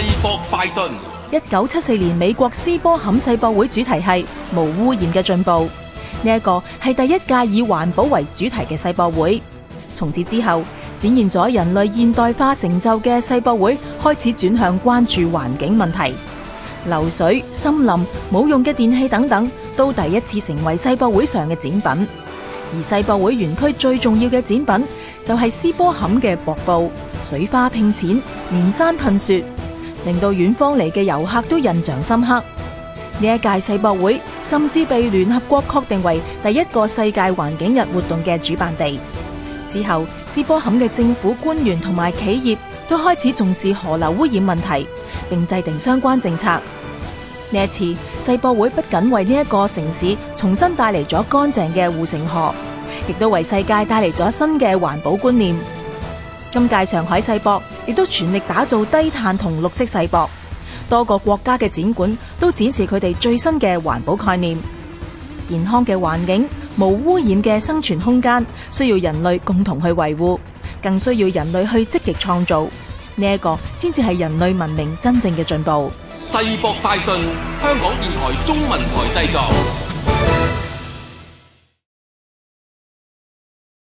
世博快訊：一九七四年美國斯波坎世博會主題係無污染嘅進步。呢一個係第一屆以環保為主題嘅世博會。從此之後，展現咗人類現代化成就嘅世博會開始轉向關注環境問題。流水、森林、冇用嘅電器等等，都第一次成為世博會上嘅展品。而世博會園區最重要嘅展品就係斯波坎嘅瀑布、水花迸濺、連山噴雪。令到遠方嚟嘅遊客都印象深刻。呢一屆世博會甚至被聯合國確定為第一個世界環境日活動嘅主辦地。之後，斯波坎嘅政府官員同埋企業都開始重視河流污染問題，並制定相關政策。呢一次世博會不僅為呢一個城市重新帶嚟咗乾淨嘅護城河，亦都為世界帶嚟咗新嘅環保觀念。今屆上海世博亦都全力打造低碳同綠色世博，多個國家嘅展館都展示佢哋最新嘅環保概念。健康嘅環境、無污染嘅生存空間，需要人類共同去維護，更需要人類去積極創造呢一個，先至係人類文明真正嘅進步。世博快訊，香港電台中文台製作。